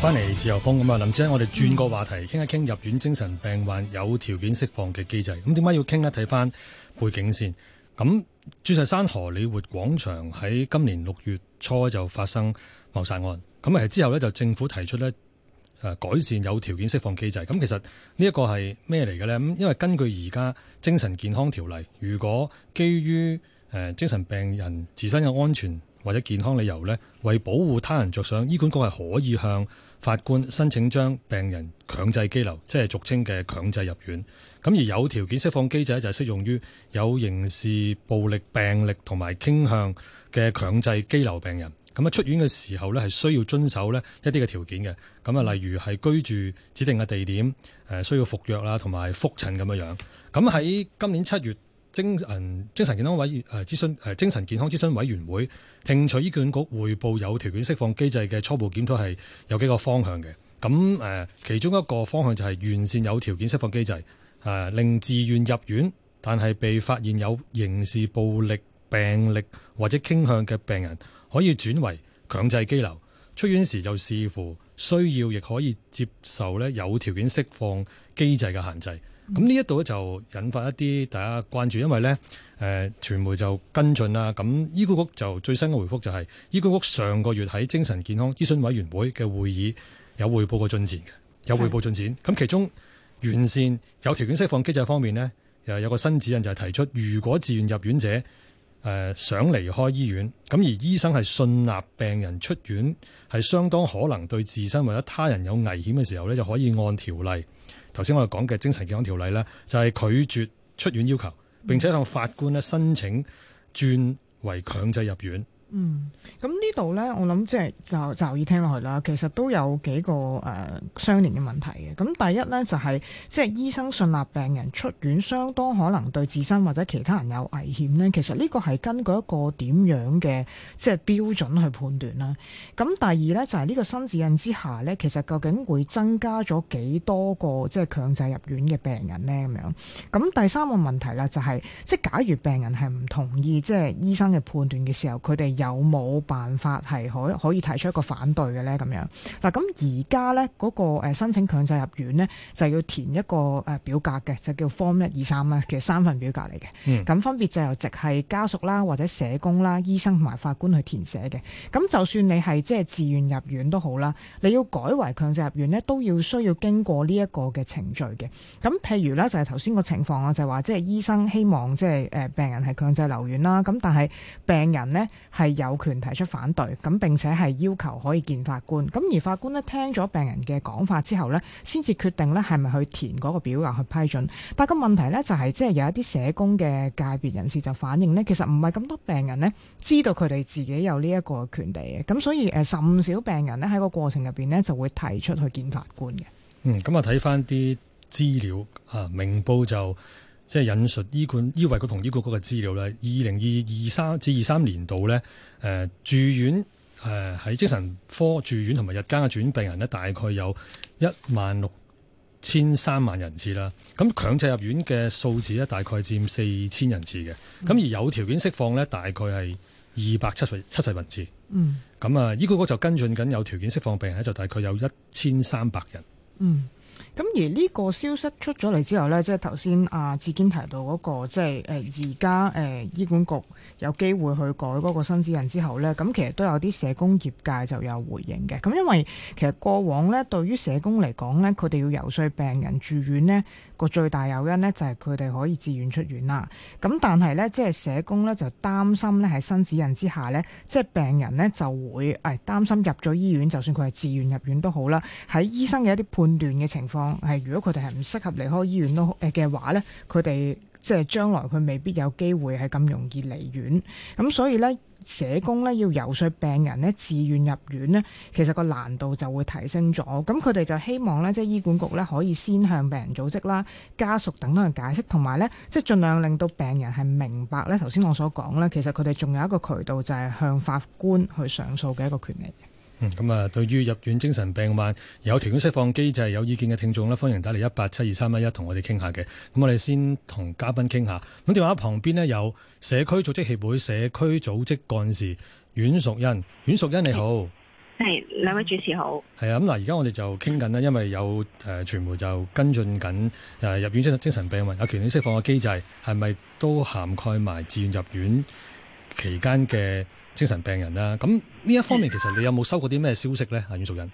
翻嚟自由風咁啊，林姐，我哋轉個話題，傾一傾入院精神病患有條件釋放嘅機制。咁點解要傾呢？睇翻背景先。咁鑽石山荷里活廣場喺今年六月初就發生謀殺案，咁係之後呢，就政府提出呢，改善有條件釋放機制。咁其實呢一個係咩嚟嘅呢？咁因為根據而家精神健康條例，如果基於誒精神病人自身嘅安全或者健康理由呢，為保護他人着想，醫管局係可以向法官申請將病人強制羈留，即係俗稱嘅強制入院。咁而有條件釋放機制就係適用於有刑事暴力病歷同埋傾向嘅強制羈留病人。咁啊，出院嘅時候咧，係需要遵守呢一啲嘅條件嘅。咁啊，例如係居住指定嘅地點，誒需要服藥啦，同埋覆診咁樣樣。咁喺今年七月，精神精神健康委誒諮詢誒精神健康諮詢委員會聽取醫管局匯報有條件釋放機制嘅初步檢討係有幾個方向嘅，咁、嗯、誒其中一個方向就係完善有條件釋放機制，誒、呃、令自願入院但係被發現有刑事暴力病歷或者傾向嘅病人可以轉為強制拘留，出院時就視乎需要亦可以接受咧有條件釋放機制嘅限制。咁呢一度咧就引發一啲大家關注，因為呢誒、呃、傳媒就跟進啦。咁醫管局就最新嘅回覆就係、是，醫管局上個月喺精神健康諮詢委員會嘅會議有彙報過進展嘅，有彙報進展。咁是其中完善有條件釋放機制方面呢，又有個新指引就係提出，如果自願入院者誒、呃、想離開醫院，咁而醫生係信納病人出院係相當可能對自身或者他人有危險嘅時候呢，就可以按條例。頭先我哋講嘅精神健康條例咧，就係拒絕出院要求，並且向法官咧申請轉為強制入院。嗯，咁呢度咧，我諗即係就就意聽落去啦。其實都有幾個誒、呃、相連嘅問題嘅。咁第一咧就係、是、即係醫生信納病人出院相當可能對自身或者其他人有危險咧。其實呢個係根據一個點樣嘅即係標準去判斷啦。咁第二咧就係、是、呢個新指引之下咧，其實究竟會增加咗幾多個即係強制入院嘅病人咧咁樣。咁第三個問題啦就係、是、即係假如病人係唔同意即係醫生嘅判斷嘅時候，佢哋有冇辦法係可可以提出一個反對嘅咧？咁樣嗱，咁而家咧嗰個誒申請強制入院咧，就要填一個誒表格嘅，就叫 Form 一、二、三啦，其實三份表格嚟嘅。咁、嗯、分別就由直系家屬啦，或者社工啦、醫生同埋法官去填寫嘅。咁就算你係即係自願入院都好啦，你要改為強制入院咧，都要需要經過呢一個嘅程序嘅。咁譬如咧，就係頭先個情況啊，就係話即係醫生希望即係誒病人係強制留院啦，咁但係病人咧係，有權提出反對，咁並且係要求可以見法官。咁而法官呢聽咗病人嘅講法之後呢先至決定呢係咪去填嗰個表格去批准。但個問題呢，就係、是，即係有一啲社工嘅界別人士就反映呢，其實唔係咁多病人呢知道佢哋自己有呢一個權利嘅。咁所以誒甚少病人呢喺個過程入邊呢就會提出去見法官嘅。嗯，咁啊睇翻啲資料啊，明報就。即係引述醫管醫衞局同醫管局嘅資料咧，二零二二三至二三年度咧，誒、呃、住院誒喺、呃、精神科住院同埋日間嘅轉院病人咧，大概有一萬六千三萬人次啦。咁強制入院嘅數字咧，大概佔四千人次嘅。咁而有條件釋放咧，大概係二百七十七十人次。人次。嗯。咁啊、嗯，醫管局就跟進緊有條件釋放病人咧就大概有一千三百人。嗯。咁而呢個消息出咗嚟之後呢，即係頭先阿志堅提到嗰個，即係誒而家誒醫管局有機會去改嗰個新指引之後呢，咁其實都有啲社工業界就有回應嘅。咁因為其實過往呢，對於社工嚟講呢，佢哋要游說病人住院呢，個最大誘因呢，就係佢哋可以自願出院啦。咁但係呢，即係社工呢，就擔心呢喺新指引之下呢，即係病人呢，就會誒擔心入咗醫院，就算佢係自願入院都好啦。喺醫生嘅一啲判斷嘅情況係，如果佢哋係唔適合離開醫院都嘅話呢，佢哋即係將來佢未必有機會係咁容易離院。咁所以呢。社工咧要遊說病人咧自願入院咧，其實個難度就會提升咗。咁佢哋就希望咧，即係醫管局咧可以先向病人組織啦、家屬等等去解釋，同埋咧，即係盡量令到病人係明白咧。頭先我所講咧，其實佢哋仲有一個渠道就係向法官去上訴嘅一個權利。嗯，咁、嗯、啊，對於入院精神病患有條件釋放機制有意見嘅聽眾咧，歡迎打嚟一八七二三一一同我哋傾下嘅。咁、嗯、我哋先同嘉賓傾下。咁、嗯、電話旁邊咧有社區組織協會社區組織幹事阮淑茵，阮淑茵你好，係，兩位主持好。係啊，咁、嗯、嗱，而家我哋就傾緊咧，因為有誒傳媒就跟進緊誒入院精神精神病患有條件釋放嘅機制係咪都涵蓋埋自願入院期間嘅。精神病人啦，咁呢一方面其實你有冇收過啲咩消息咧？啊，阮淑茵。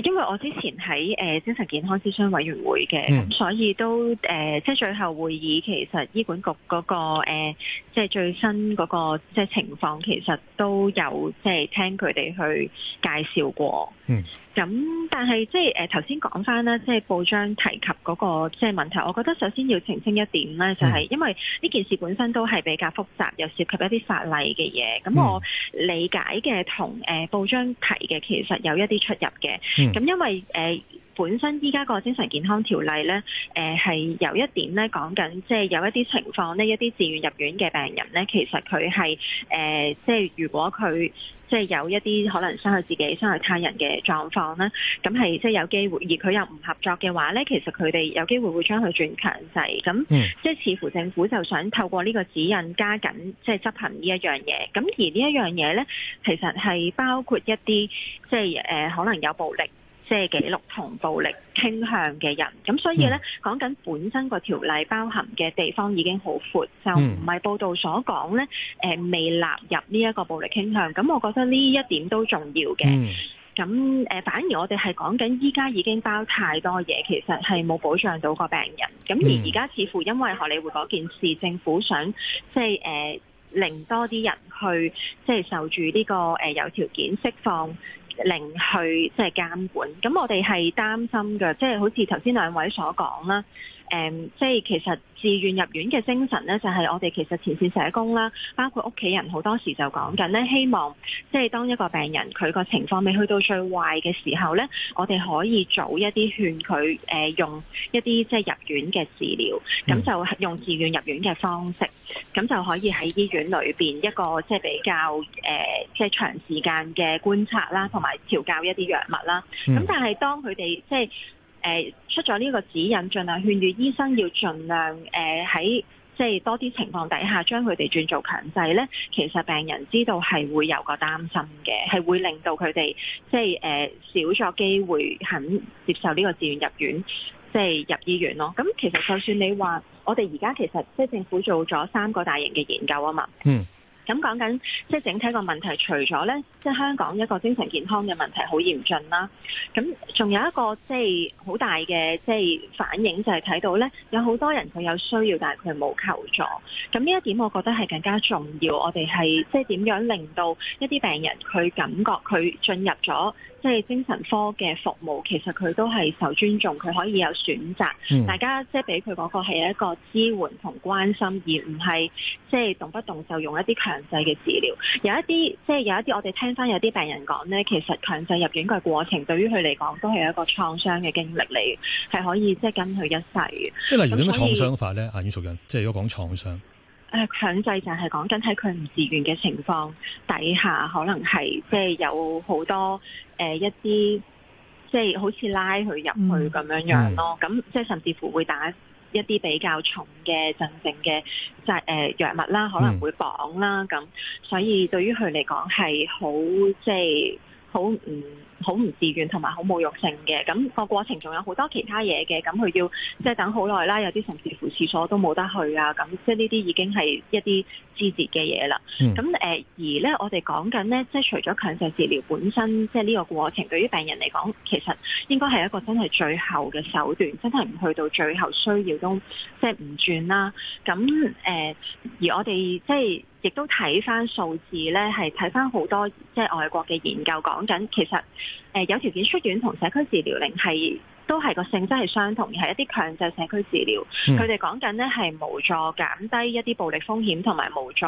誒，因為我之前喺誒精神健康諮詢委員會嘅，咁、嗯、所以都誒，即、呃、係最後會議其實醫管局嗰、嗰個即係、呃、最新嗰個即係情況，其實都有即係聽佢哋去介紹過。嗯，咁但係即係誒頭先講翻啦，即、呃、係報章提及嗰個即係問題，我覺得首先要澄清一點咧，就係因為呢件事本身都係比較複雜，又涉及一啲法例嘅嘢。咁我理解嘅同誒報章提嘅其實有一啲出入嘅。咁因為誒。本身依家個精神健康條例呢，誒、呃，係有一點呢講緊，即係有一啲情況呢，一啲自願入院嘅病人呢，其實佢係誒，即係如果佢即係有一啲可能傷害自己、傷害他人嘅狀況啦，咁係即係有機會，而佢又唔合作嘅話呢，其實佢哋有機會會將佢轉強制。咁即係似乎政府就想透過呢個指引加緊即係執行呢一樣嘢。咁而呢一樣嘢呢，其實係包括一啲即係誒、呃、可能有暴力。即係記錄同暴力傾向嘅人，咁所以呢，講緊、嗯、本身個條例包含嘅地方已經好闊，就唔係報道所講呢，誒、呃、未納入呢一個暴力傾向。咁我覺得呢一點都重要嘅。咁誒、嗯呃，反而我哋係講緊依家已經包太多嘢，其實係冇保障到個病人。咁而而家似乎因為荷里活嗰件事，政府想即係誒、呃、令多啲人去即係受住呢、這個誒、呃、有條件釋放。令去即係監管，咁我哋係擔心嘅，即係好似頭先兩位所講啦。誒，即係、嗯、其實自願入院嘅精神咧，就係、是、我哋其實前線社工啦，包括屋企人好多時就講緊咧，希望即係當一個病人佢個情況未去到最壞嘅時候咧，我哋可以早一啲勸佢誒、呃、用一啲即係入院嘅治療，咁就用自願入院嘅方式，咁就可以喺醫院裏邊一個即係比較誒即係長時間嘅觀察啦，同埋調教一啲藥物啦。咁但係當佢哋即係。誒出咗呢個指引，儘量勸喻醫生要儘量誒喺、呃、即係多啲情況底下將佢哋轉做強制呢，其實病人知道係會有個擔心嘅，係會令到佢哋即係誒、呃、少咗機會肯接受呢個自願入院，即係入醫院咯。咁其實就算你話我哋而家其實即係政府做咗三個大型嘅研究啊嘛。嗯。咁講緊即係整體個問題，除咗咧，即係香港一個精神健康嘅問題好嚴峻啦。咁仲有一個即係好大嘅即係反應，就係睇到咧，有好多人佢有需要，但係佢冇求助。咁呢一點我覺得係更加重要。我哋係即係點樣令到一啲病人佢感覺佢進入咗，即係精神科嘅服務，其實佢都係受尊重，佢可以有選擇。嗯、大家即係俾佢嗰個係一個支援同關心，而唔係即係動不動就用一啲強制嘅治療。有一啲即係有一啲，我哋聽翻有啲病人講咧，其實強制入院嘅過程對於佢嚟講都係一個創傷嘅經歷嚟，係可以即係跟佢一世。即係例如點樣創傷法咧？阿阮淑茵，即係如果講創傷。誒強制就係講緊喺佢唔自願嘅情況底下，可能係即係有好多誒一啲，即係、呃、好似拉佢入去咁樣樣咯。咁、嗯、即係甚至乎會打一啲比較重嘅鎮靜嘅即係誒藥物啦，可能會綁啦。咁、嗯、所以對於佢嚟講係好即係好唔。好唔自願同埋好侮辱性嘅，咁、那個過程仲有好多其他嘢嘅，咁佢要即係等好耐啦，有啲甚至乎廁所都冇得去啊，咁即係呢啲已經係一啲枝節嘅嘢啦。咁誒、嗯呃，而咧我哋講緊咧，即係除咗強制治療本身，即係呢個過程對於病人嚟講，其實應該係一個真係最後嘅手段，真係唔去到最後需要都即係唔轉啦。咁誒、呃，而我哋即係。亦都睇翻數字咧，係睇翻好多即係外國嘅研究講緊，其實誒、呃、有條件出院同社區治療令係，都係個性質係相同，而係一啲強制社區治療。佢哋講緊呢係無助減低一啲暴力風險，同埋無助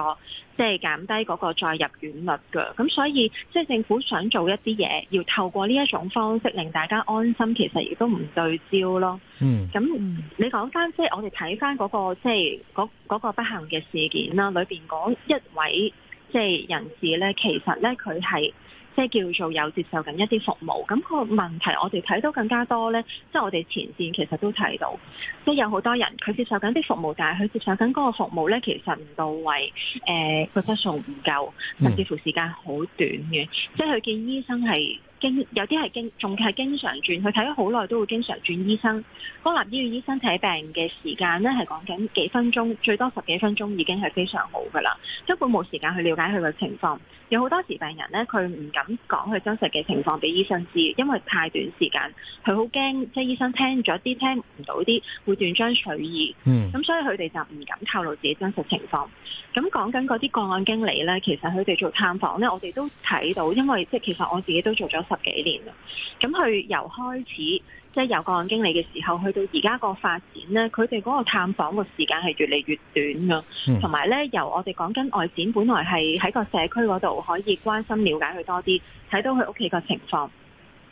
即係減低嗰個再入院率嘅。咁所以即係、就是、政府想做一啲嘢，要透過呢一種方式令大家安心，其實亦都唔對焦咯。嗯、mm.，咁你講翻即係我哋睇翻嗰個即係嗰個不幸嘅事件啦，裏邊嗰一位即係、就是、人士呢，其實呢，佢係。即係叫做有接受緊一啲服務，咁個問題我哋睇到更加多咧，即係我哋前線其實都睇到，即係有好多人佢接受緊啲服務，但係佢接受緊嗰個服務咧其實唔到位，誒個質素唔夠，甚至乎時間好短嘅，嗯、即係佢見醫生係經有啲係經仲係經常轉，佢睇咗好耐都會經常轉醫生。公立醫院醫生睇病嘅時間咧係講緊幾分鐘，最多十幾分鐘已經係非常好噶啦，根本冇時間去了解佢嘅情況。有好多時病人咧，佢唔敢講佢真實嘅情況俾醫生知，因為太短時間，佢好驚，即係醫生聽咗啲，聽唔到啲，會斷章取義。嗯，咁、嗯、所以佢哋就唔敢透露自己真實情況。咁、嗯、講緊嗰啲個案經理咧，其實佢哋做探訪咧，我哋都睇到，因為即係其實我自己都做咗十幾年啦。咁、嗯、佢由開始。即係由個案經理嘅時候，去到而家個發展咧，佢哋嗰個探訪嘅時間係越嚟越短㗎，同埋咧由我哋講緊外展，本來係喺個社區嗰度可以關心、了解佢多啲，睇到佢屋企個情況。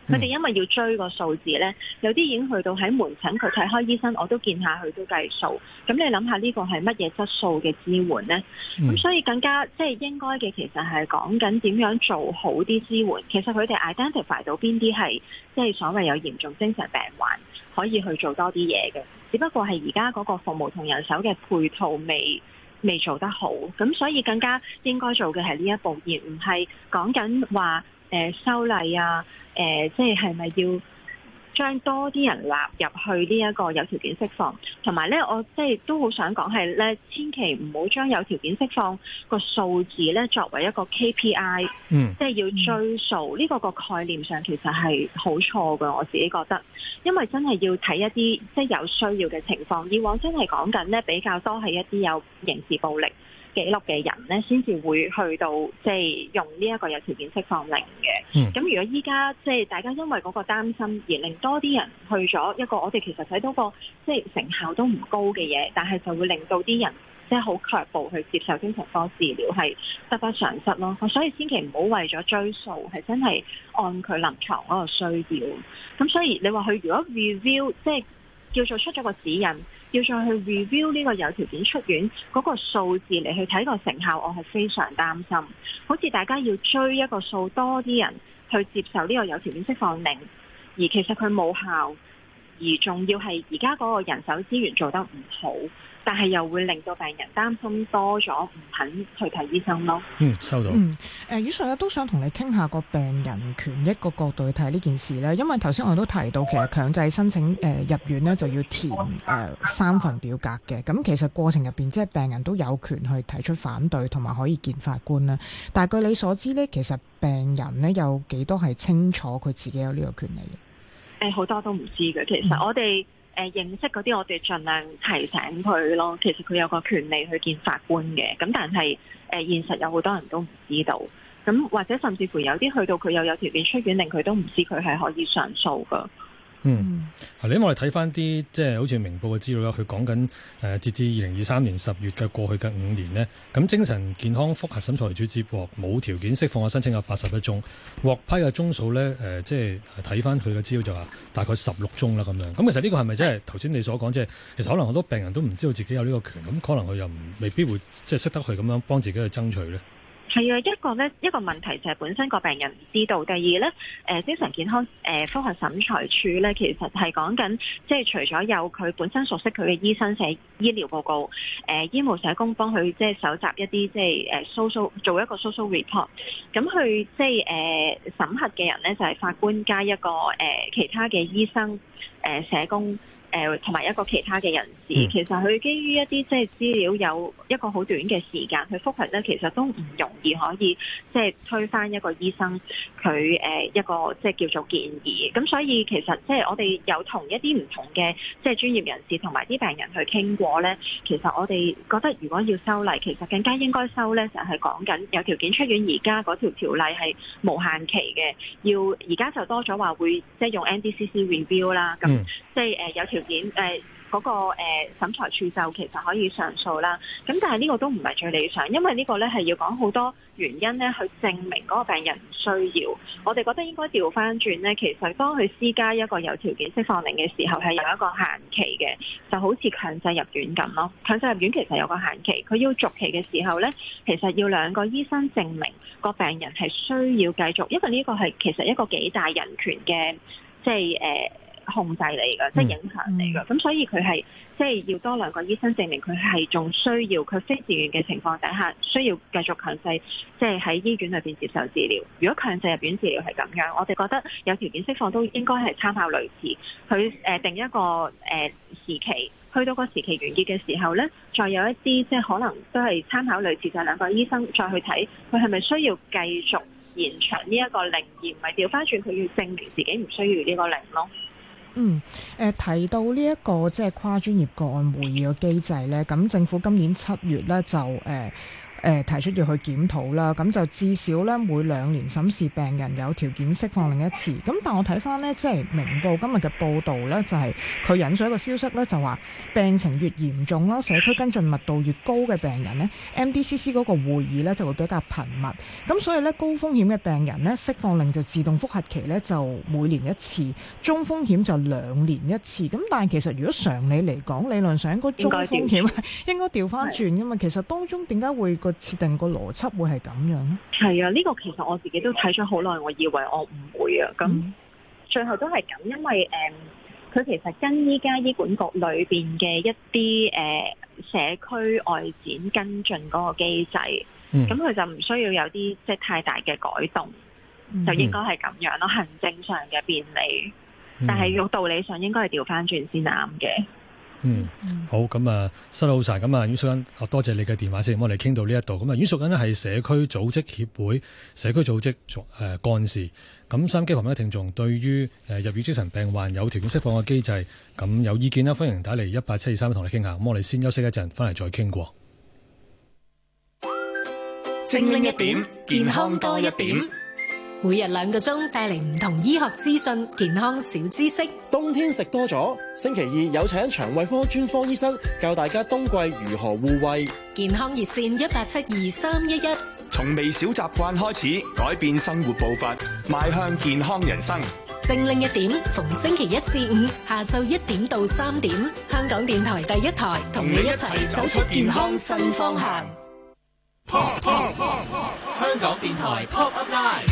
佢哋 因為要追個數字呢，有啲已經去到喺門診，佢睇開醫生，我都見下佢都計數。咁你諗下呢個係乜嘢質素嘅支援呢？咁所以更加即係應該嘅，其實係講緊點樣做好啲支援。其實佢哋 identify 到邊啲係即係所謂有嚴重精神病患，可以去做多啲嘢嘅。只不過係而家嗰個服務同人手嘅配套未未做得好。咁所以更加應該做嘅係呢一步，而唔係講緊話誒修例啊。誒，呃，即係係咪要將多啲人納入去呢一個有條件釋放？同埋呢，我即係都好想講係咧，千祈唔好將有條件釋放個數字咧作為一個 KPI，嗯，即係要追數呢個個概念上其實係好錯噶，我自己覺得，因為真係要睇一啲即係有需要嘅情況，以往真係講緊呢，比較多係一啲有刑事暴力。記錄嘅人咧，先至會去到即係用呢一個有條件釋放令嘅。咁、嗯、如果依家即係大家因為嗰個擔心而令多啲人去咗一個我哋其實睇到個即係成效都唔高嘅嘢，但係就會令到啲人即係好卻步去接受精神科治療，係得不償失咯。所以千祈唔好為咗追數，係真係按佢臨床嗰個需要。咁所以你話佢如果 review 即係叫做出咗個指引。要再去 review 呢個有條件出院嗰個數字嚟去睇個成效，我係非常擔心。好似大家要追一個數，多啲人去接受呢個有條件釋放令，而其實佢冇效，而仲要係而家嗰個人手資源做得唔好。但係又會令到病人擔心多咗，唔肯去睇醫生咯。嗯，收到。嗯，誒、呃，以上咧都想同你傾下個病人權益個角度去睇呢件事咧。因為頭先我都提到，其實強制申請誒、呃、入院呢，就要填誒、呃、三份表格嘅。咁其實過程入邊，即係病人都有權去提出反對，同埋可以見法官啦。但係據你所知呢，其實病人呢，有幾多係清楚佢自己有呢個權利嘅？誒、呃，好多都唔知嘅。其實我哋、嗯。誒、呃、認識嗰啲，我哋盡量提醒佢咯。其實佢有個權利去見法官嘅，咁但係誒、呃、現實有好多人都唔知道。咁或者甚至乎有啲去到佢又有條件出院，令佢都唔知佢係可以上訴㗎。嗯，係、嗯，咁、嗯、我哋睇翻啲即係好似明報嘅資料咧，佢講緊誒，截至二零二三年十月嘅過去嘅五年呢，咁，精神健康複核審裁處接獲冇條件釋放嘅申請有八十一宗，獲批嘅宗數咧誒、呃，即係睇翻佢嘅資料就話大概十六宗啦咁樣。咁其實呢個係咪即係頭先你所講，即係其實可能好多病人都唔知道自己有呢個權，咁可能佢又未必會即係識得去咁樣幫自己去爭取咧？係啊，一個咧一個問題就係本身個病人唔知道。第二咧，誒精神健康誒覆核審裁處咧，其實係講緊即係除咗有佢本身熟悉佢嘅醫生寫醫療報告，誒、呃、醫務社工幫佢即係搜集一啲即係誒 social 做一個 social report，咁佢即係誒審核嘅人咧就係、是、法官加一個誒、呃、其他嘅醫生誒、呃、社工。誒同埋一個其他嘅人士，嗯、其實佢基於一啲即係資料，有一個好短嘅時間去覆核咧，其實都唔容易可以即係、就是、推翻一個醫生佢誒一個即係、就是、叫做建議。咁所以其實即係我哋有同一啲唔同嘅即係專業人士同埋啲病人去傾過咧，其實我哋覺得如果要修例，其實更加應該修咧，就係講緊有條件出院而家嗰條條例係無限期嘅，要而家就多咗話會即係用 NDCC review 啦，咁即係誒有條。嗯演誒嗰、呃那個誒、呃、審裁處就其實可以上訴啦，咁但係呢個都唔係最理想，因為呢個咧係要講好多原因咧去證明嗰個病人唔需要。我哋覺得應該調翻轉咧，其實當佢施加一個有條件釋放令嘅時候，係有一個限期嘅，就好似強制入院咁咯。強制入院其實有個限期，佢要續期嘅時候咧，其實要兩個醫生證明個病人係需要繼續，因為呢個係其實一個幾大人權嘅，即係誒。呃控制嚟嘅， 即係影響嚟嘅。咁所以佢係即係要多兩個醫生證明佢係仲需要佢非自願嘅情況底下，需要繼續強制即係喺醫院裏邊接受治療。如果強制入院治療係咁樣，我哋覺得有條件釋放都應該係參考類似佢誒、呃、定一個誒、呃、時期，去到個時期完結嘅時候咧，再有一啲即係可能都係參考類似，就兩個醫生再去睇佢係咪需要繼續延長呢一個令，而唔係掉返轉佢要證明自己唔需要呢個令咯。嗯，誒、呃、提到呢、這、一個即係跨專業個案會議嘅機制呢，咁政府今年七月呢就誒。呃誒提出要去檢討啦，咁就至少咧每兩年審視病人，有條件釋放令一次。咁但我睇翻呢，即係明報今日嘅報道呢，就係、是、佢引述一個消息呢就話病情越嚴重啦，社區跟進密度越高嘅病人呢 MDCC 嗰個會議咧就會比較頻密。咁所以呢，高風險嘅病人呢，釋放令就自動複核期呢，就每年一次，中風險就兩年一次。咁但係其實如果常理嚟講，理論上應該中風險應該調翻轉噶嘛。 是其實當中點解會設定個邏輯會係咁樣咧？係啊，呢個其實我自己都睇咗好耐，我以為我唔會啊，咁最後都係咁，因為誒，佢其實跟依家醫管局裏邊嘅一啲誒社區外展跟進嗰個機制，咁佢就唔需要有啲即係太大嘅改動，就應該係咁樣咯。行政上嘅便利，但係用道理上應該係調翻轉先啱嘅。嗯，嗯好，咁啊，收到晒，咁啊，阮淑茵，啊、哦，多謝你嘅電話先，我哋傾到呢一度，咁啊，阮淑茵呢係社區組織協會社區組織誒、呃、幹事，咁收音機旁邊嘅聽眾對於誒、呃、入院精神病患有條件釋放嘅機制咁有意見啦，歡迎打嚟一八七二三同你傾下，咁我哋先休息一陣，翻嚟再傾過，清靈一點，健康多一點。每日兩個鐘帶嚟唔同醫學資訊、健康小知識。冬天食多咗，星期二有請腸胃科專科醫生教大家冬季如何護胃。健康熱線一八七二三一一。從微小習慣開始，改變生活步伐，邁向健康人生。正令一點，逢星期一至五下晝一點到三點，香港電台第一台同你一齊走出健康新方向。Pop pop pop pop，香港電台 Pop Up Live。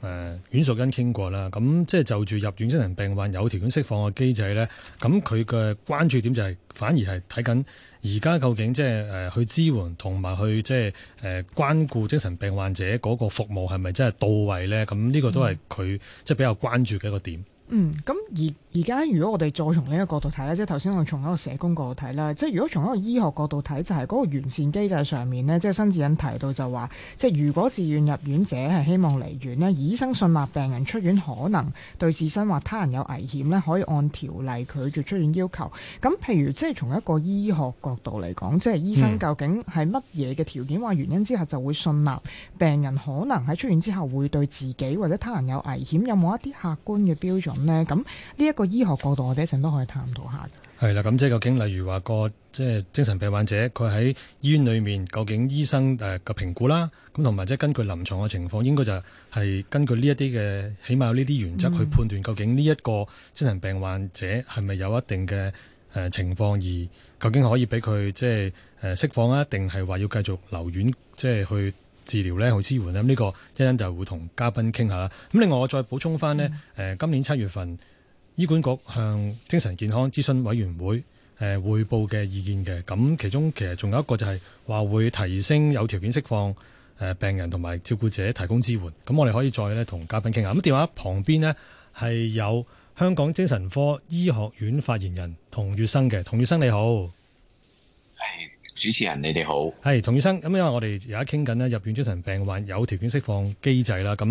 誒阮、呃、淑茵傾過啦，咁、嗯、即係就住入院精神病患有條件釋放嘅機制咧，咁佢嘅關注點就係、是、反而係睇緊而家究竟即係誒去支援同埋去即係誒關顧精神病患者嗰個服務係咪真係到位咧？咁、嗯、呢個都係佢即係比較關注嘅一個點。嗯，咁而而家如果我哋再從呢個角度睇咧，即係頭先我從一個社工角度睇啦，即係如果從一個醫學角度睇，就係嗰個完善機制上面咧，即係新指引提到就話，即係如果自願入院者係希望離院咧，醫生信納病人出院可能對自身或他人有危險咧，可以按條例拒絕出院要求。咁譬如即係從一個醫學角度嚟講，即係醫生究竟係乜嘢嘅條件或原因之下就會信納病人可能喺出院之後會對自己或者他人有危險，有冇一啲客觀嘅標準？呢一個醫學角度，我哋一陣都可以探討下嘅。係啦，咁即係究竟，例如話個即係精神病患者，佢喺醫院裏面，究竟醫生誒嘅評估啦，咁同埋即係根據臨床嘅情況，應該就係根據呢一啲嘅，起碼有呢啲原則、嗯、去判斷，究竟呢一個精神病患者係咪有一定嘅誒情況，而究竟可以俾佢即係誒釋放啊，定係話要繼續留院，即係去。治療咧去支援呢，咁呢個一陣就會同嘉賓傾下啦。咁另外我再補充翻呢，誒今年七月份、嗯、醫管局向精神健康諮詢委員會誒彙報嘅意見嘅，咁其中其實仲有一個就係話會提升有條件釋放誒病人同埋照顧者提供支援。咁我哋可以再咧同嘉賓傾下。咁、嗯、電話旁邊呢，係有香港精神科醫學院發言人童粵生嘅，童粵生你好。係。主持人，你哋好。係童醫生。咁因為我哋而家傾緊呢，入院精神病患有條件釋放機制啦。咁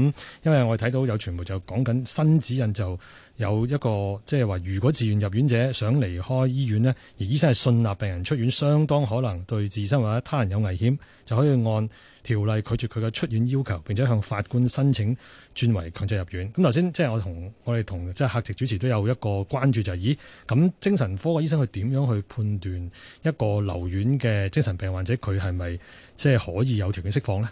因為我哋睇到有傳媒就講緊新指引，就有一個即係話，就是，如果自願入院者想離開醫院呢，而醫生係信納病人出院，相當可能對自身或者他人有危險，就可以按條例拒絕佢嘅出院要求，並且向法官申請轉為強制入院。咁頭先即係我同我哋同即係客席主持都有一個關注，就係，就係咦，咁精神科嘅醫生佢點樣去判斷一個留院嘅精神病患者佢係咪即係可以有條件釋放呢？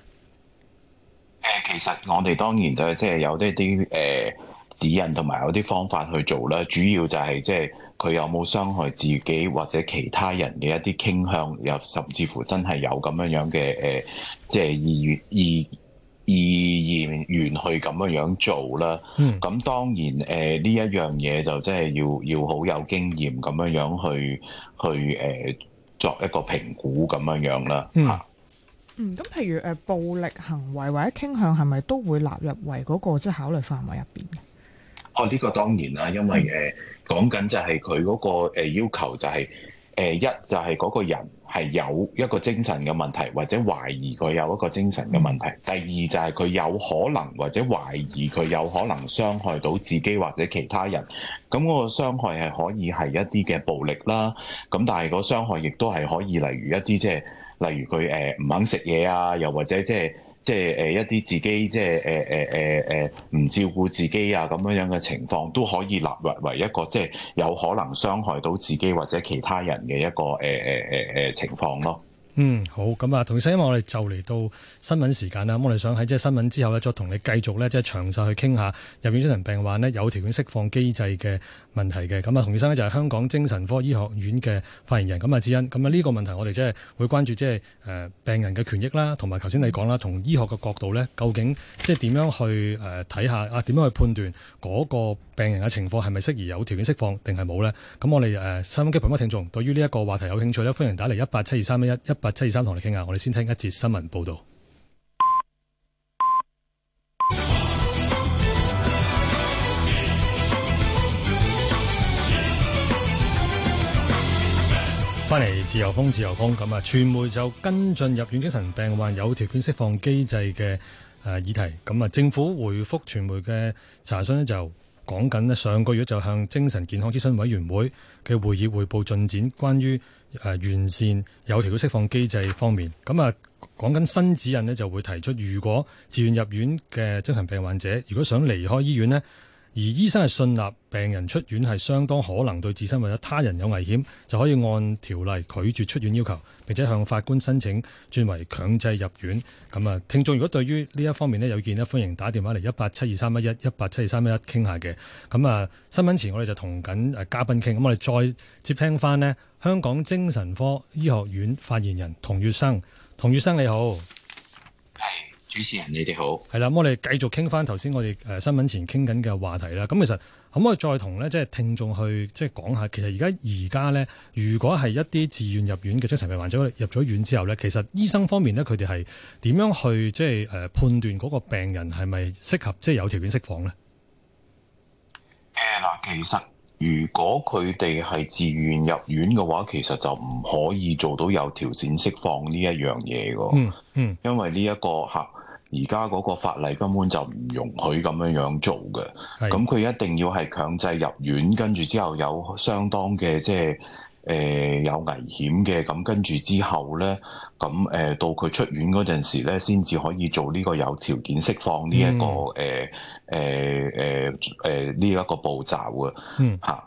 誒，其實我哋當然就即係有啲啲誒。呃指引同埋有啲方法去做啦，主要就係即係佢有冇傷害自己或者其他人嘅一啲傾向，又甚至乎真係有咁樣樣嘅誒，即、呃、係、就是、意意意願願去咁樣樣做啦。咁、嗯、當然誒呢一樣嘢就真係要要好有經驗咁樣樣去去誒、呃、作一個評估咁樣樣啦。吓嗯，咁、嗯、譬如誒、呃、暴力行為或者傾向係咪都會納入為嗰、那個即係、就是、考慮範圍入邊？哦，呢個當然啦，因為誒講緊就係佢嗰個要求、呃是呃、就係誒一就係嗰個人係有一個精神嘅問題，或者懷疑佢有一個精神嘅問題。第二就係佢有可能或者懷疑佢有可能傷害到自己或者其他人。咁、嗯、嗰個傷害係可以係一啲嘅暴力啦。咁、嗯、但係嗰傷害亦都係可以例如一啲即係例如佢誒唔肯食嘢啊，又或者即係。即係誒一啲自己即係誒誒誒誒唔照顧自己啊，咁樣樣嘅情況，都可以立為為一個即係、即係、有可能傷害到自己或者其他人嘅一個誒誒誒誒情況咯。嗯，好，咁啊，童醫生，我哋就嚟到新聞時間啦。咁我哋想喺即係新聞之後咧，再同你繼續咧，即係詳細去傾下入院精神病患咧有條件釋放機制嘅問題嘅。咁啊，童醫生咧就係、是、香港精神科醫學院嘅發言人，咁啊，志恩。咁啊，呢個問題我哋即係會關注，即係誒病人嘅權益啦，同埋頭先你講啦，從醫學嘅角度咧，究竟即係點樣去誒睇下啊？點樣去判斷嗰個病人嘅情況，係咪適宜有條件釋放定係冇咧？咁、嗯、我哋誒收音機旁嘅聽眾，對於呢一個話題有興趣咧，歡迎打嚟一八七二三一一八七二三同你傾下，我哋先聽一節新聞報道。翻嚟自由風，自由風。咁啊，傳媒就跟進入院精神病患有條件釋放機制嘅誒議題，咁啊，政府回覆傳媒嘅查詢呢就。講緊咧，上個月就向精神健康諮詢委員會嘅會議匯報進展，關於誒完善有條件釋放機制方面。咁啊，講緊新指引咧，就會提出，如果自願入院嘅精神病患者，如果想離開醫院咧。而醫生係信納病人出院係相當可能對自身或者他人有危險，就可以按條例拒絕出院要求，並且向法官申請轉為強制入院。咁啊，聽眾如果對於呢一方面呢有意見呢，歡迎打電話嚟一八七二三一一一八七二三一一傾下嘅。咁啊，新聞前我哋就同緊誒嘉賓傾，咁我哋再接聽返呢香港精神科醫學院發言人童粵生。童粵生，你好。主持人，你哋好。係啦，咁我哋繼續傾翻頭先我哋誒新聞前傾緊嘅話題啦。咁其實，可唔可以再同咧即係聽眾去即係講下，其實而家而家咧，如果係一啲自願入院嘅精神病患者入咗院之後咧，其實醫生方面咧，佢哋係點樣去即係誒判斷嗰個病人係咪適合即係有條件釋放咧？誒，嗱，其實。如果佢哋係自願入院嘅話，其實就唔可以做到有條件釋放呢一樣嘢㗎。嗯，嗯嗯，因為呢、這、一個嚇，而家嗰個法例根本就唔容許咁樣樣做嘅。咁佢的一定要係強制入院，跟住之後有相當嘅即係。誒、呃、有危險嘅，咁跟住之後呢，咁、呃、誒到佢出院嗰陣時咧，先至可以做呢個有條件釋放呢一個誒誒誒誒呢一個步驟、嗯、啊。是嗯，嚇，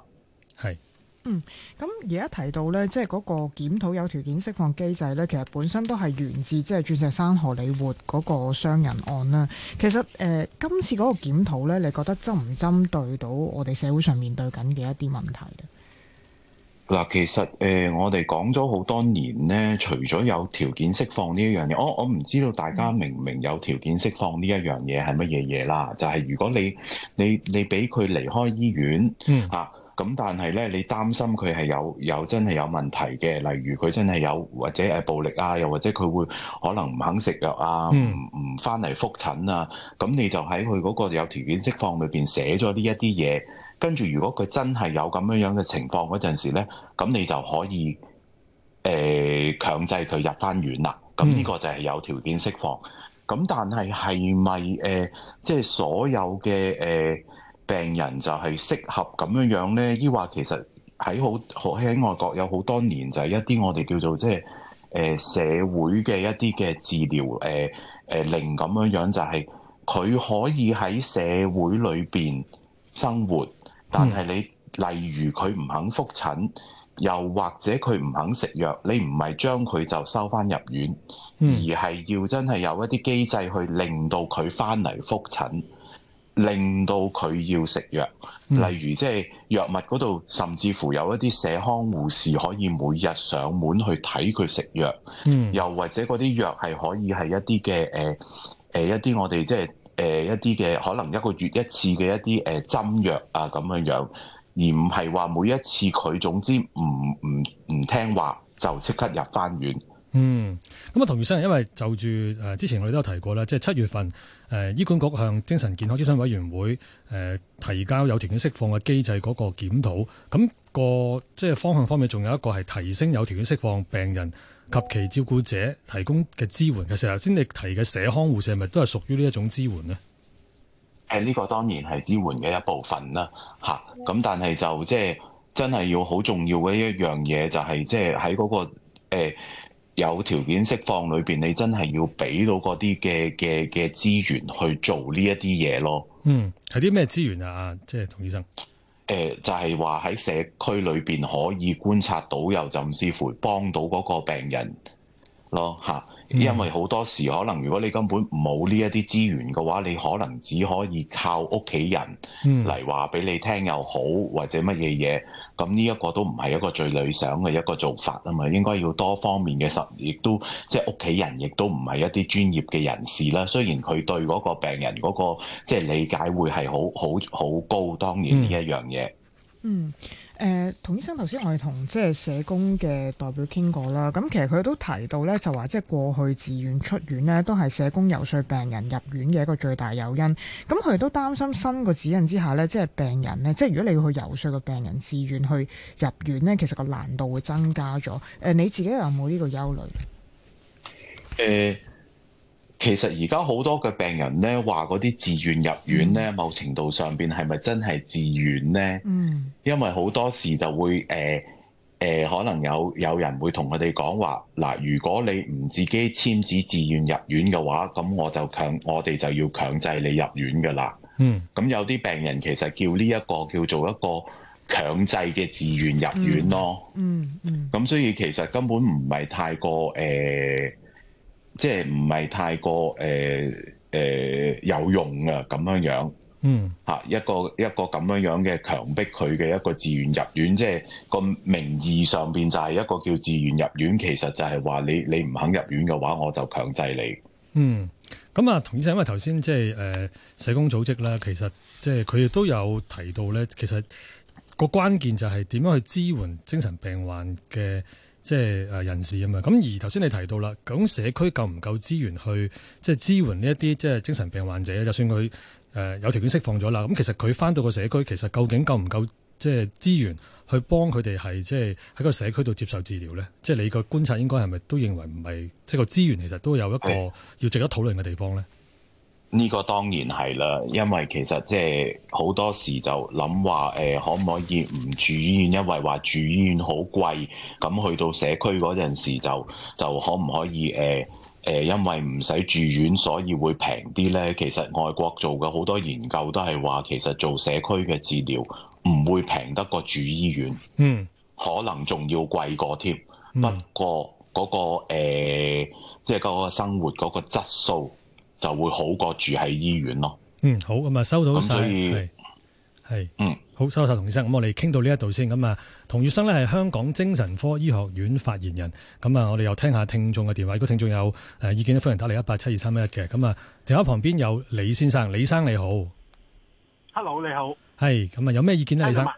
係，嗯，咁而家提到呢，即係嗰個檢討有條件釋放機制呢，其實本身都係源自即係鑽石山荷里活嗰個傷人案啦。其實誒、呃、今次嗰個檢討咧，你覺得針唔針對到我哋社會上面對緊嘅一啲問題咧？嗱，其實誒、呃，我哋講咗好多年咧，除咗有條件釋放呢一樣嘢、哦，我我唔知道大家明唔明有條件釋放呢一樣嘢係乜嘢嘢啦？就係、是、如果你你你俾佢離開醫院嚇，咁、嗯啊、但係咧，你擔心佢係有有真係有問題嘅，例如佢真係有或者誒暴力啊，又或者佢會可能唔肯食藥啊，唔唔翻嚟復診啊，咁你就喺佢嗰個有條件釋放裏邊寫咗呢一啲嘢。跟住，如果佢真係有咁樣樣嘅情況嗰陣時咧，咁你就可以誒、呃、強制佢入翻院啦。咁呢個就係有條件釋放。咁但係，係咪誒即係所有嘅誒、呃、病人就係適合咁樣樣咧？抑或其實喺好好喺外國，有好多年就係一啲我哋叫做即係誒社會嘅一啲嘅治療誒誒、呃呃、令咁樣樣，就係、是、佢可以喺社會裏邊生活。但係你，例如佢唔肯覆診，又或者佢唔肯食藥，你唔係將佢就收翻入院，嗯、而係要真係有一啲機制去令到佢翻嚟覆診，令到佢要食藥。嗯、例如即係藥物嗰度，甚至乎有一啲社康護士可以每日上門去睇佢食藥，嗯、又或者嗰啲藥係可以係一啲嘅誒誒一啲我哋即係。誒、呃、一啲嘅可能一個月一次嘅一啲誒、呃、針藥啊咁樣樣，而唔係話每一次佢總之唔唔唔聽話就即刻入返院。嗯，咁啊，童醫生，因為就住誒、呃、之前我哋都有提過啦，即係七月份誒、呃、醫管局向精神健康諮詢委員會誒、呃、提交有條件釋放嘅機制嗰個檢討，咁、嗰個即係方向方面，仲有一個係提升有條件釋放病人及其照顧者提供嘅支援嘅時候，先你提嘅社康護士係咪都係屬於呢一種支援咧？誒，呢個當然係支援嘅一部分啦，嚇、啊。咁但係就即係、就是、真係要好重要嘅一樣嘢，就係即係喺嗰個、呃、有條件釋放裏邊，你真係要俾到嗰啲嘅嘅嘅資源去做呢一啲嘢咯。嗯，係啲咩資源啊？即係童醫生。誒就係話喺社區裏邊可以觀察到，又甚至乎幫到嗰個病人咯嚇。Mm hmm. 因為好多時可能，如果你根本冇呢一啲資源嘅話，你可能只可以靠屋企人嚟話俾你聽又好，mm hmm. 或者乜嘢嘢，咁呢一個都唔係一個最理想嘅一個做法啊嘛。應該要多方面嘅實，亦都即係屋企人，亦都唔係一啲專業嘅人士啦。雖然佢對嗰個病人嗰、那個即係、就是、理解會係好好好高，當然呢一樣嘢，嗯、mm。Hmm. Mm hmm. 誒，童、呃、醫生，頭先我哋同即係社工嘅代表傾過啦。咁其實佢都提到咧，就話即係過去自願出院咧，都係社工遊說病人入院嘅一個最大誘因。咁佢哋都擔心新個指引之下咧，即係病人咧，即係如果你要去遊說個病人自願去入院咧，其實個難度會增加咗。誒，你自己有冇呢個憂慮？誒、欸。其實而家好多嘅病人咧，話嗰啲自願入院咧，嗯、某程度上面係咪真係自願咧？嗯。因為好多時就會誒誒、呃呃，可能有有人會同佢哋講話嗱，如果你唔自己簽紙，自願入院嘅話，咁我就強，我哋就要強制你入院噶啦。嗯。咁有啲病人其實叫呢一個叫做一個強制嘅自願入院咯。嗯嗯。咁、嗯嗯、所以其實根本唔係太過誒。呃即係唔係太過誒誒、呃呃、有用噶咁樣樣，嗯吓一個一個咁樣樣嘅強迫佢嘅一個自願入院，即係個名義上邊就係一個叫自願入院，其實就係話你你唔肯入院嘅話，我就強制你。嗯，咁啊，童醫生，因為頭先即係誒社工組織啦，其實即係佢亦都有提到咧，其實個關鍵就係點樣去支援精神病患嘅。即係誒人士啊嘛，咁而頭先你提到啦，咁社區夠唔夠資源去即係支援呢一啲即係精神病患者？就算佢誒有條件釋放咗啦，咁其實佢翻到個社區，其實究竟夠唔夠即係資源去幫佢哋係即係喺個社區度接受治療咧？即係你個觀察應該係咪都認為唔係即係個資源其實都有一個要值得討論嘅地方咧？呢個當然係啦，因為其實即係好多時就諗話誒，可唔可以唔住醫院？因為話住醫院好貴，咁去到社區嗰陣時就就可唔可以誒誒、呃呃？因為唔使住院，所以會平啲呢。其實外國做嘅好多研究都係話，其實做社區嘅治療唔會平得過住醫院。嗯，可能仲要貴過添。不過嗰、嗰個、呃、即係嗰個生活嗰、嗰個質素，就會好過住喺醫院咯。嗯，好咁啊，收到晒。咁嗯，好，收到曬、嗯，童醫生。咁我哋傾到呢一度先。咁啊，童醫生咧係香港精神科醫學院發言人。咁啊，我哋又聽下聽眾嘅電話。如果聽眾有誒意見咧，歡迎打嚟一八七二三一一嘅。咁啊，電話旁邊有李先生，李先生你好。Hello，你好。係咁啊，有咩意見咧，I 'm 李先生？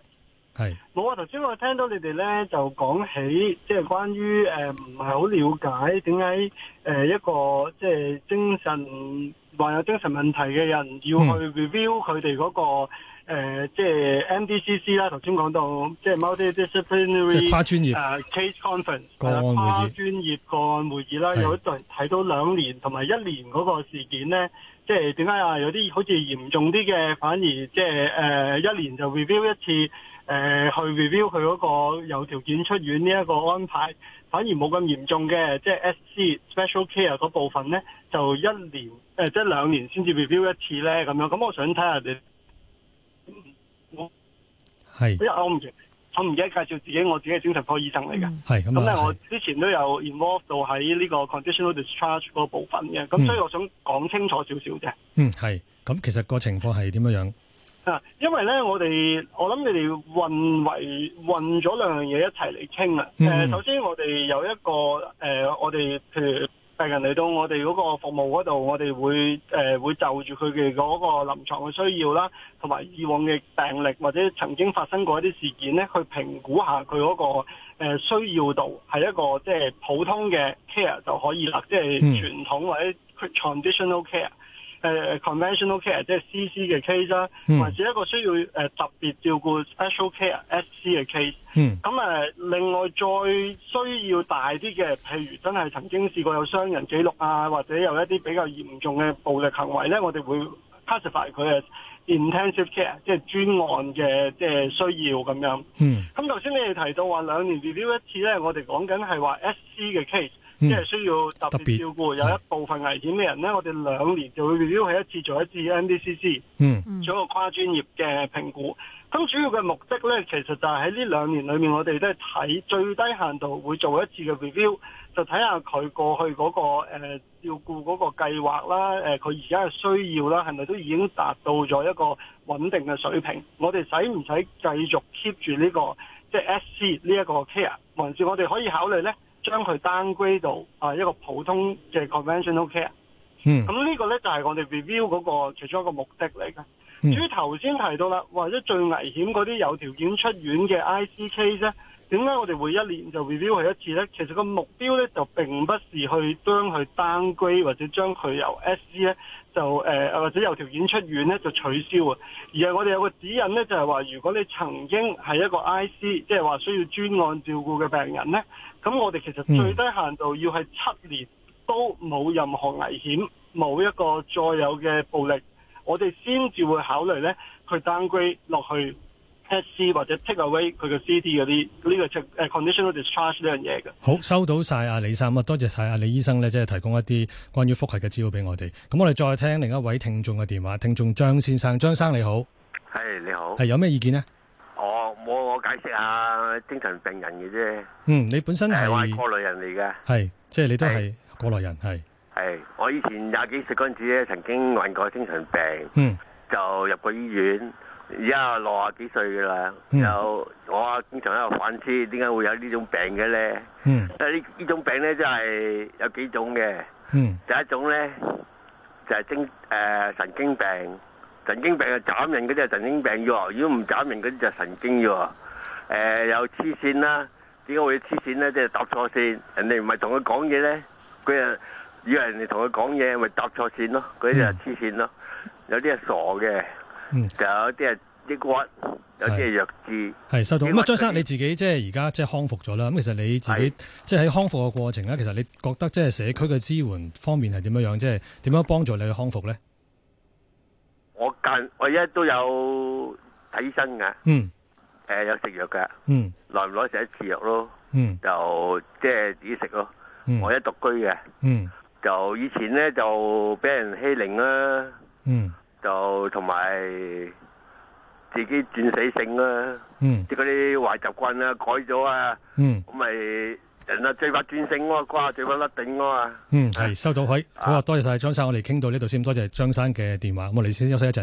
係，我頭先我聽到你哋咧就講起，即、就、係、是、關於誒唔係好了解點解誒一個、呃、一個即係精神患有精神問題嘅人要去 review 佢哋嗰、那個誒、呃，即係 MDCC 啦。頭先講到即係 multidisciplinary，跨專業誒、uh, case conference 個跨專業個案會議啦。有一段睇到兩年同埋一年嗰個事件咧，即係點解啊？有啲好似嚴重啲嘅，反而即係誒一年就 review 一次。誒去 review 佢嗰個有條件出院呢一個安排，反而冇咁嚴重嘅，即係 SC special care 嗰部分咧，就一年誒即係兩年先至 review 一次咧咁樣。咁我想睇下你，我係是，因為我唔明，我唔記得介紹自己，我自己係精神科醫生嚟嘅。係咁。咧，這樣 我之前都有 involved 到喺呢個 conditional discharge 嗰部分嘅，咁所以我想講清楚少少啫。嗯，係。咁其實個情況係點樣？啊，因為咧，我哋我諗你哋混為混咗兩樣嘢一齊嚟傾啊。誒、嗯，首先我哋有一個誒、呃，我哋譬如病人嚟到我哋嗰個服務嗰度，我哋會誒、呃、會就住佢嘅嗰個臨床嘅需要啦，同埋以往嘅病歷或者曾經發生過一啲事件咧，去評估下佢嗰、那個誒、呃、需要度係一個即係普通嘅 care 就可以啦，嗯、即係傳統或者 traditional care。誒、uh, conventional care 即係 CC 嘅 case 啦，或者一個需要誒、呃、特別照顧 special care SC 嘅 case。咁誒、mm. 呃，另外再需要大啲嘅，譬如真係曾經試過有傷人記錄啊，或者有一啲比較嚴重嘅暴力行為咧，我哋會 classify 佢係 intensive care 即係專案嘅即係需要咁樣。咁頭先你哋提到話兩年 review 一次咧，我哋講緊係話 SC 嘅 case。即係、嗯、需要特別照顧，別有一部分危險嘅人咧，的我哋兩年就會 review 係一次做一次 MDCC 嗯，做一個跨專業嘅評估。咁主要嘅目的咧，其實就係喺呢兩年裏面我，我哋都係睇最低限度會做一次嘅 review，就睇下佢過去嗰、嗰個、呃、照顧嗰個計劃啦，誒佢而家嘅需要啦，係咪都已經達到咗一個穩定嘅水平？我哋使唔使繼續 keep 住呢個即係 SC 呢一個 care，還是我哋可以考慮咧？將佢 downgrade 到啊，一個普通嘅 conventional care，嗯，咁呢個咧就係我哋 review 嗰個其中一個目的嚟嘅。至於頭先提到啦，或者最危險嗰啲有條件出院嘅 IC case 咧。點解我哋會一年就 review 佢一次呢？其實個目標呢，就並不是去將佢 downgrade 或者將佢由 SC 咧就誒、呃、或者有條件出院呢，就取消啊！而係我哋有個指引呢，就係、是、話如果你曾經係一個 IC，即係話需要專案照顧嘅病人呢，咁我哋其實最低限度要係七年都冇任何危險，冇一個再有嘅暴力，我哋先至會考慮呢，佢 downgrade 落去。測或者 take away 佢個 C D 嗰啲呢個 conditional discharge 呢樣嘢嘅。好，收到晒阿李生，啊多謝晒阿李醫生咧，即係提供一啲關於複核嘅資料俾我哋。咁我哋再聽另一位聽眾嘅電話，聽眾張先生，張生你好，係、hey, 你好，係有咩意見咧？哦、oh,，我解釋下精神病人嘅啫。嗯，你本身係過、hey, 來人嚟嘅，係即係你都係過來人，係係、hey, 我以前廿幾歲嗰陣時咧，曾經患過精神病，嗯，就入過醫院。而家六啊幾歲噶啦，有、嗯。我經常喺度反思，點解會有呢種病嘅咧？嗯、但係呢呢種病咧，真係有幾種嘅。嗯、第一種咧就係、是、精誒、呃、神經病，神經病啊斬人嗰啲係神經病，啫如果唔斬人嗰啲就神經喎。誒、呃、又黐線啦，點解會黐線咧？即係搭錯線，人哋唔係同佢講嘢咧，佢啊以為人哋同佢講嘢，咪、就、搭、是、錯線咯，嗰啲就黐線咯。有啲係傻嘅。嗯，仲有啲係抑鬱，有啲係弱智。係收到。咁啊，張生你自己即係而家即係康復咗啦。咁其實你自己即係喺康復嘅過程咧，其實你覺得即係社區嘅支援方面係點樣樣？即係點樣幫助你去康復咧？我近我而家都有睇醫生嘅，嗯，誒有食藥嘅，嗯，耐唔耐食一次藥咯，嗯，就即係自己食咯。我依家獨居嘅，嗯，就以前咧就俾人欺凌啦，嗯。就同埋自己轉死性啦，嗯，即係啲壞習慣啊改咗啊，嗯，咁咪人啊最怕轉性啊，瓜最怕甩頂啊，嗯，係收到佢。好啊，多謝晒張生，我哋傾到呢度先，多謝張生嘅電話，咁我哋先休息一陣。